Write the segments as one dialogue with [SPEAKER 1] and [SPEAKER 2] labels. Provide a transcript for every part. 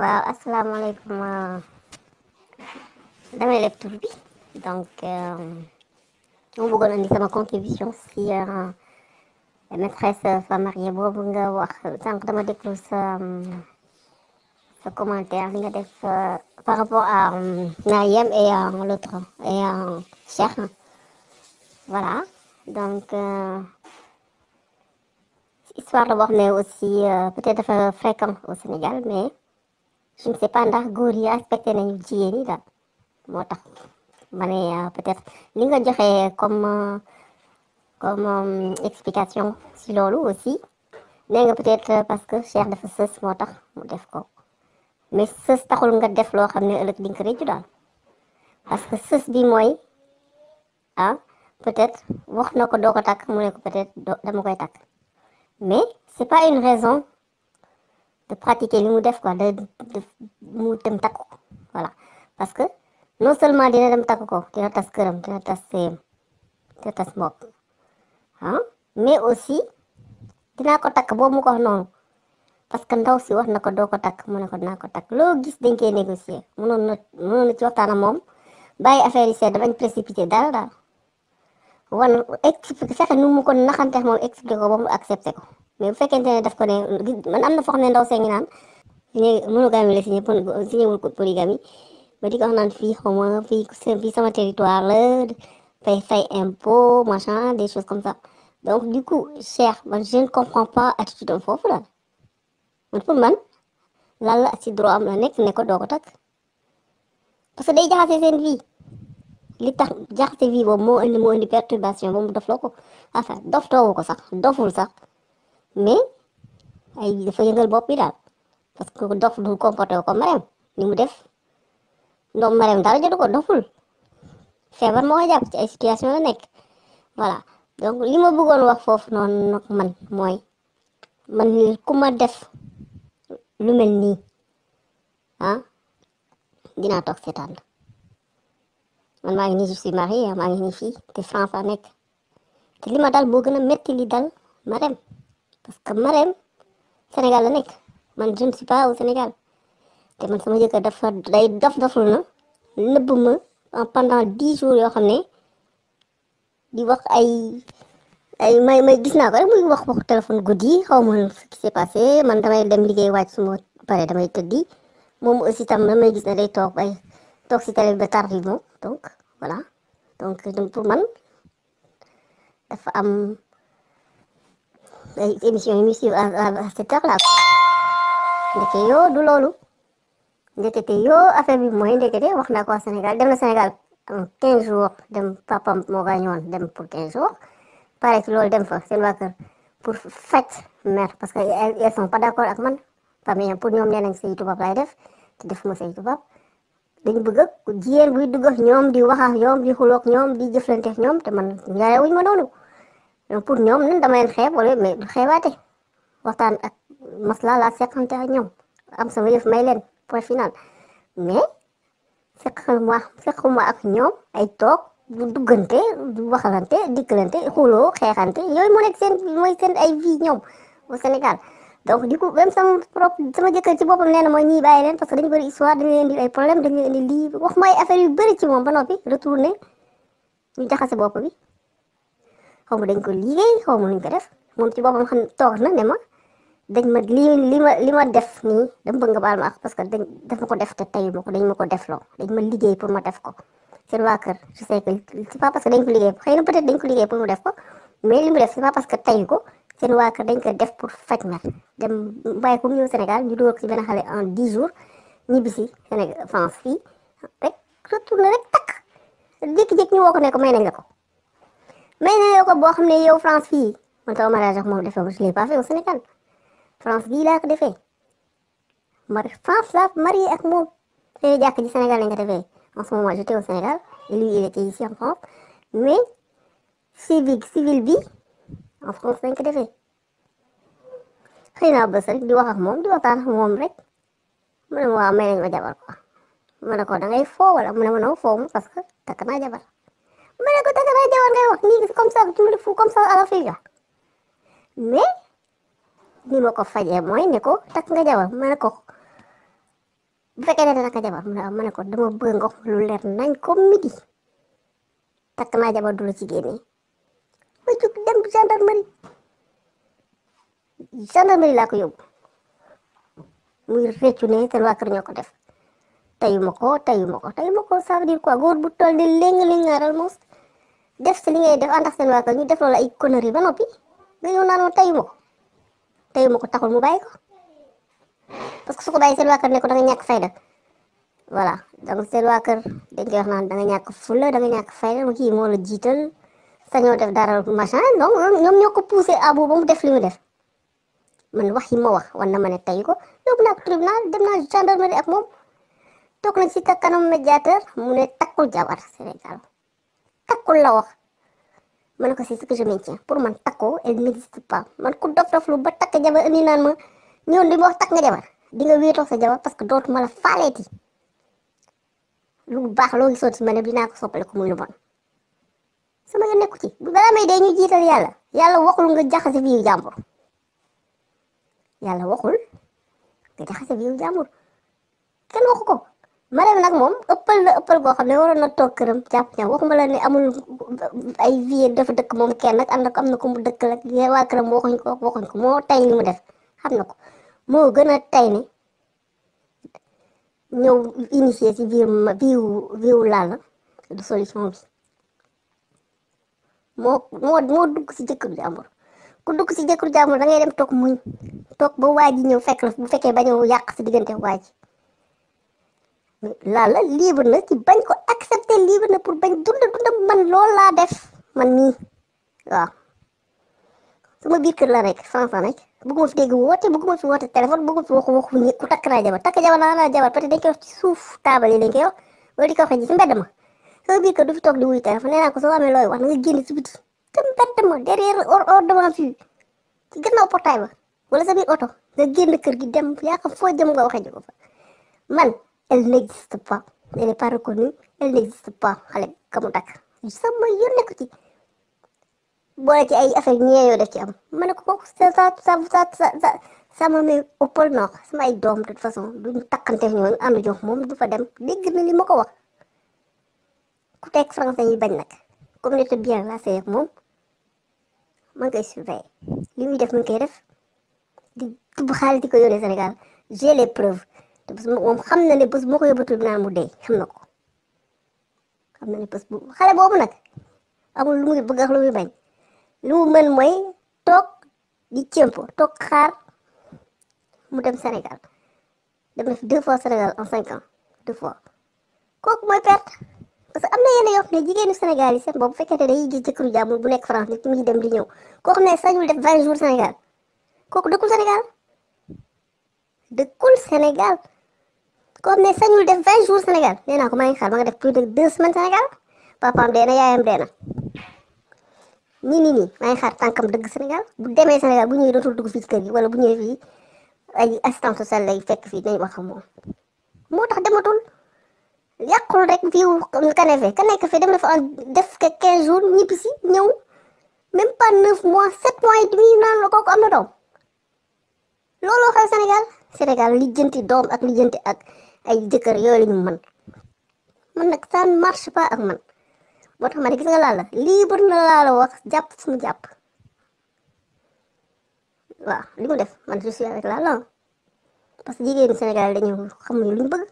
[SPEAKER 1] waaw asalaamaaleykum damay leb tur bi donc euh, mu bëggoon andi sama contribution si euh, maîtresse euh, femme mariée nga wax sànq dama déglu sa commentaire nga def par rapport Mariam et l'autre et Cheikh voilà donc histoire la boo xam aussi peut-être au Sénégal mais. je ne sais ndax góor yi respecté nañu jigéen yi daal moo tax ma ne euh, peut-être li nga joxe comme euh, comme euh, explication si loolu aussi nee nga peut-être parce que Cheikh dafa sës moo tax mu def ko mais sës taxul nga def loo xam ne ëllëg di nga ko réccu daal parce que sës bi mooy ah peut-être wax na ko doo ko takk mu ne ko peut-être dama koy takk mais c'est pas une raison de pratiquer li mu def quoi de mu dem takk ko voilà parce que non seulement dina dem takk ko dina tas këram dina tas seeyam dina tas mbokk ah mais aussi dinaa ko takk boobu mu ko wax noonu parce que ndaw si wax na ko doo ko takk mu ne ko dinaa ko takk loo gis dañ koy négocier mënoon na mënoon moom bàyyi affaire yi seet bañ précipité dara daal wan expliqué fexe nu mu ko naxante moom expliqué ko ba mu ko. mais bu fekkente ne daf ko ne man am na foo xam ne ndaw see ngi naan léegi monogamie la signé signé wul ba di ko naan fii xaw ma sama territoire la fay fay impôt machin des choses comme ça donc du coup cher man je ne pas attitude am foofu daal man pour man lan la ci droit am nekk ne ko ko takk parce que day jaxase seen li tax jaxase vie boobu moo indi moo indi perturbation ba mu dofloo ko enfin dof toowu ko sax doful sax. mais ay dafa yëngal bopp bi daal parce que dof du comporté ko marem ni mu def ndoom marem dara jotu ko doful feebar moo ko jàpp ci ay situation nekk voilà donc li ma bëggoon wax foofu noonu nag man mooy man ku ma def lu mel ni ah dinaa toog seetaan man maa ngi nii je suis mariée maa ngi nii fii te France a nekk te li ma dal boo gën li dal marem parce que Marème Sénégal la nekk man je ne suis pas au Sénégal te man dafa day dof doful na nëbb ma en pendant dix yoo xam ne di wax ay ay may may gis naa ko rek muy wax wax téléphone guddi xaw ma ce man damay dem liggéey wàcc su ma paree damay tëddi moom aussi tam damay gis ne day toog ay toog si télé ba tardivement donc voilà donc pour man dafa am. ay émission yi muy suivre à cette heure là ndeke yoo du loolu ndekete yoo affaire bi mooy ndekete wax na ko waa Sénégal dem na Sénégal dem papam moo gaañu woon dem pour 15 jours pare ci loolu dem fa seen waa kër pour faj mère parce que elles sont pas d'accord ak man famille pour ñoom nee nañ sëy tubaab laay def te defuma sëy tubaab dañu bëgg ak jigéen buy dugg ñoom di wax ak ñoom di xuloog ñoom di jëflante ak ñoom te man ñaarewuñ ma noonu. pour ñoom ñun dama leen xeeb wala mais du xeebaate waxtaan ak masla la seqante ak ñoom am sama yëf may leen point final mais sequma sequma ak ñoom ay toog du duggante du waxalante dikkalante xuloo xeexante yooyu moo nekk seen mooy ay vie ñoom au Sénégal donc du coup même sama propre sama jëkkër ci boppam nee na mooy ñiy bàyyi leen parce que dañu bëri histoire dañu leen di ay problème dañu leen lii wax ma ay affaire bëri ci moom ba noppi retourné ñu jaxase bopp bi. xaw dañ ko liggéey xaw ma nuñ ko def moom ci boppam xam toog na ne ma dañ ma lii li ma li ma def nii dama bëgg nga baal ma ak parce que dañ dafa ko def te tayu ma ko dañ ma ko def loo dañ ma liggéey pour ma def ko seen waa kër dañ ko liggéey xëy na peut-être dañ ko liggéey pour mu def ko mais li mu def c'est pas parce que tayu ko seen waa kër dañ ko def pour faj mer dem bàyyi ko mu ñëw Sénégal ñu dugal ko ci benn xale en 10 jours ñibbi si Sénégal fii rek retourné takk jékki-jékki ñu ko ne ko may nañ ko mais nee yow ko boo xam ne yow France fii man sama mariage ak moom defee ko je l'ai pas fait au Sénégal laa ko defee mar France laa marié ak moom fee jàkk ji Sénégal lañ ko defee en ce moment j'étais au Sénégal et lui il était ici en France mais civil bi en France lañ ko defee xëy naa bës rek di wax ak moom di waxtaan ak moom rek mu ne ma may nañ ma jabar quoi mu ne ko da ngay foo wala mu ne ma noo foo mu parce que takk naa jabar. ma ne ko da damay deewoon ngay wax nii comme ça tu fu comme ça à la fii mais ni ma ko fajee mooy ne ko takk nga jabar ma ne ko bu fekkee ma ne ko dama bëgg nga lu leer nañ ko midi takk naa jabar du la ci génne ma jóg dem gendarmerie laa ko yóbbu muy réccu ne seen waa kër ñoo ko def. tayuma ko tayuma ko tayuma ko ça veut dire quoi góor bu toll nii léegi-léegi nga def si li ngay def ànd ak seen waa kër def loolu ay conneries ba noppi nga ñëw naanoo tayu ma ko tayu ma ko taxul mu ko parce que su ko bàyyi ne ko da nga ñàkk fayda voilà donc seen waa kër dañ koy wax da nga ñàkk fulla da nga ñàkk mu kii moo la jiital sañoo def dara machin donc ñoom ñoo ko poussé abo ba mu def li mu def man wax yi ma wax wan na ma ne tayu ko yóbbu naa ko tribunal dem naa gendarmerie ak moom toog nañ si kanam médiateur mu ne takkul jabar Sénégal takkul la wax ma ne ko c'est ce que je maintiens pour man takku elle n'existe pas man ku dof-dof lu ba takk jabar indi naan ma ñëw di ma takk nga jabar di nga wéetoo sa jabar parce que dootuma la faaleeti lu baax loo gisoon ci ma ne dinaa ko soppale ko muy lu bon sama yoon nekku ci bu balaa may dee ñu jiital yàlla yàlla waxul nga jaxase biir jàmbur yàlla waxul nga jaxase biir jàmbur kenn waxu ko. Marème nag moom ëppal na ëppal goo xam ne waroon na toog këram jàpp ña waxuma la ne amul ay vie dafa dëkk moom kenn nag ak am na ko mu dëkk rek waa këram waxuñ ko waxuñ ko moo tay li mu xam na ko moo gën a tay ne ñëw initié ci biir biiw biiw laal la solution bi moo moo moo dugg ci jëkkër jàmbur ku dugg ci jëkkër jàmbur da ngay dem toog muñ toog ba waa ji ñëw fekk la bu fekkee ba ñëw yàq ci diggante waa ji laal la libre na ci bañ ko accepter libre na pour bañ dund dundam man loo laa def man nii waaw sama biir kër la nekk France la nekk bëgguma fi dégg woote bëgguma fi woote téléphone bëgguma fi waxu waxu ni ku yi dañ koy wax wala di ko waxee ci mbedd ma sama biir kër du fi toog di wuyu téléphone nee naa ko soo amee looy wax na nga génn si biti te mbedd ma derrière hors hors devant fii ci gannaaw ba wala sa biir oto nga génn kër gi dem yaa xam foo jëm nga waxee ji ko fa man. elle n'existe pas elle n'est pas reconnue elle n'existe pas xale ka mu takk sama yoon nekk ci boole ci ay affaire ñeeyoo def ci am ma ne ko kooku sa sa sa sa sama mi ëppal noo sama ay doom de toute façon duñu takkante ñooñu ànd jox moom du fa dem dégg na li ma ko wax ku teg français yi bañ nag comme nit bien laasé ak moom ma ngi koy surveiller li muy def mu ngi def di tubb xaalis di ko yónnee Sénégal j'ai les preuves. te bés moom xam na ne bés boo ko yóbbatul naa mu dee xam na ko xam na ne bés bu xale boobu nag amul lu muy bëgg ak lu muy bañ lu mu mën mooy toog di cëmp toog xaar mu dem Sénégal dem na fi deux fois Sénégal en cinq ans deux fois kooku mooy perte parce que am na yenn yoo xam ne jigéenu Sénégal yi seen boobu bu fekkente dañuy gis jëkkëru jàmbur bu nekk France nit muy dem di ñëw koo xam ne sañul def vingt jours Sénégal kooku dëkkul Sénégal dëkkul Sénégal. E e e comme ne sañul def vingt jours Sénégal nee naa xaar ma def plus de deux semaines Sénégal papaam dee na yaayam nii nii nii xaar tànkam dëgg Sénégal bu demee Sénégal bu ñëwee dootul dugg fii kër gi wala bu ñëwee fii ay assistance sociale lay fekk fii nañ wax ak moom moo tax dematul yàqul rek fii ka ne fe dem na fa def que quinze jours ñibbi si ñëw même pas neuf mois sept mois et demi naan la kooku am doom looloo xew Sénégal Sénégal lijjanti ay jëkkër yooyu la ñu mën man nag ça ne marche pas ak man moo tax ma ne gis wax jàpp fu mu jàpp waaw li mu def man je suis avec la langue parce que jigéenu Sénégal dañu xamuñu lu bëgg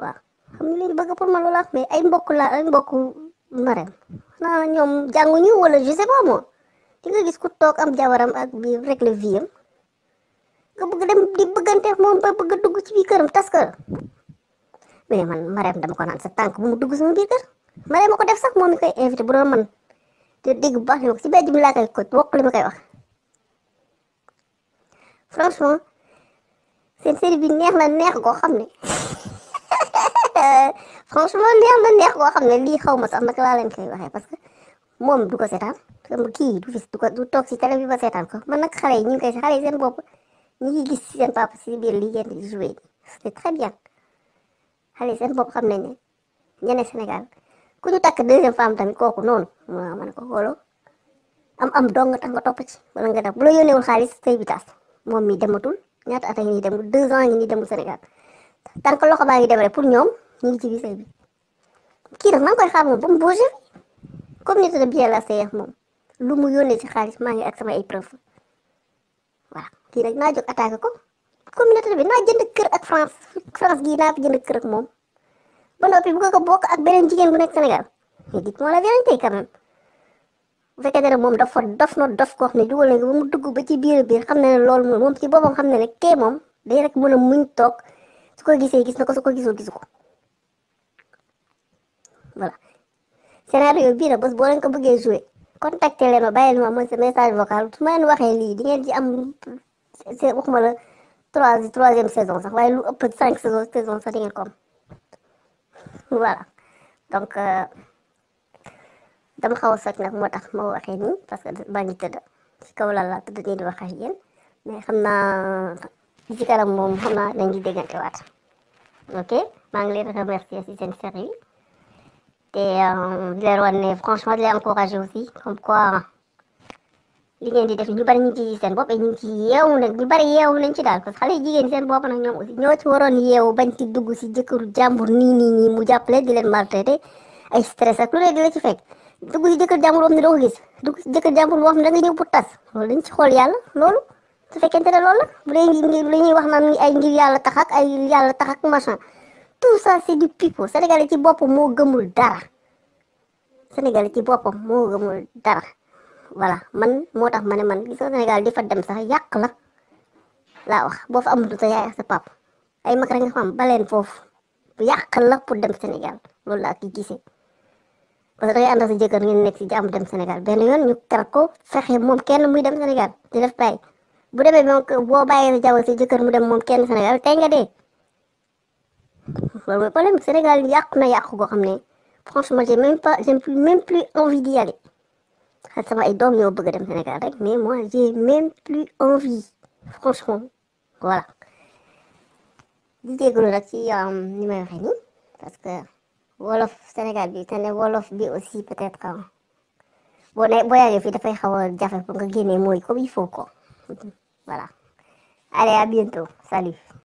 [SPEAKER 1] waaw xamuñu lu ñu bëgg pour ma loola mais ay mbokku la ay mbokku mareem xanaa ñoom jànguñu wala je sais pas moi nga gis ku toog am jabaram ak biir rek la nga bëgg dem di bëgganteeg moom ba bëgg a dugg ci biir këram tas këram mu ne man Marème ko naan sa tànk mu dugg sama biir kër Marème ko def sax moom mi invité bu doon man dégg bu baax li ma ko si benn jumla ko wokk li ma koy wax. franchement seen série bi neex na neex goo xam ne franchement neex na neex goo xam ne lii xaw ma sax naka laa leen koy waxee parce que moom du ko seetaan kii du fi du ko du toog si télé bi ba seetaan ko man nag xale yi ñu ngi koy xale seen bopp. Illicite zijn papa si biir liggéey bi di joué c'est très bien xale seen bopp xam nañ ne ñeneen Sénégal ku ñu takk deuxième femme tamit kooku noonu waaw man ko xooloo am am dong tax nga topp ci wala nga def bu la yónneewul xaalis sëy bi taas moom mi dematul ñaata at a ngi demul deux ans ngi demul Sénégal tant que loxo baa ngi dem rek pour ñoom ñu ngi ci biir sëy bi kii nag maa ngi koy xaar mu bougé comme ni te de bien lu mu yónnee ci xaalis maa ngi ak sama ay preuve waaw kii rek naa jóg attaqué ko communauté bi naa jënd kër ak France gi gii naa fi jënd kër ak moom ba noppi bu ko ko bokk ak beneen jigéen bu nekk Sénégal mais dites-moi la vérité quand même bu fekkee ne moom dafa dof ne dugal nañu ba dugg ba ci biir biir xam na ne loolu moom ci boppam xam na ne kee moom day rek mën a muñ toog su ko gisee gis na ko su ko gisul gisu ko voilà scénario bii nag bés boo leen ko bëggee jouer. contacté leen ma bàyyil ma mooy sa message vocal su ma leen waxee lii di ngeen ci am ma waxuma la trois troisième saison sax waaye lu ëpp cinq saison saison sax di euh, xaw a soj nag moo tax ma waxee nii parce que maa ngi tëdd ci kaw laa laa tëdd nii di wax ak yéen mais xam naa ci kanam moom xam naa dañ ciy déggante waat ok maa ngi leen remercier ci seen service. te di leen wan ne franchement di leen encouragé aussi comme quoi li ngeen di def ñu bari ñu ngi ci seen bopp et ñu ngi ci yeewu nag ñu bari yeewu nañ jigéen seen bopp nag ñoom aussi ñoo ci waroon yeewu bañ ci si jëkkëru jàmbur nii nii nii mu jàppale di leen maltraité ay stress ak lu ne di la ci fekk dugg si jëkkër jàmbur boobu ne doo ko gis dugg si jëkkër jàmbur boo da nga ñëw pour tas loolu dañ ci xool yàlla loolu su fekkente ne loolu bu dee ngir wax naan ay ngir yàlla tax ay yàlla tax ak tout ça c'est du pipeau sénégalais ci boppu moo gëmul dara sénégalais ci boppam moo gëmul dara voilà man moo tax ma ne man gis nga Sénégal di fa dem sax yàq la laa wax boo fa amatul sa yaay sa pap ay mag rek nga xam baleen foofu yàq la pour dem Sénégal loolu laa ki gisee parce que da ngay ànd ak sa jëkkër ngeen nekk si jàmm dem Sénégal benn yoon ñu kar ko moom kenn muy dem Sénégal di def bàyyi bu demee moom boo bàyyee sa jàmm ak sa jëkkër mu dem moom kenn Sénégal tey loolu problème Sénégal yàqu na yàqu goo xam ne franchement j'ai même pas j'ai même plus envie d'y aller xanaa sama ay doom ñoo bëgg a dem Sénégal rek mais moi j'ai plus envie franchement voilà di déglu nag ci ni may waxee nii parce que wolof Sénégal bi te ne wolof bi aussi peut-être boo nee boo yaayee fii dafay xaw a jafe pour nga génnee mooy comme il faut quoi voilà allez à bientôt salut.